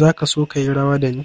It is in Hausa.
Za ka so ka yi rawa da ni.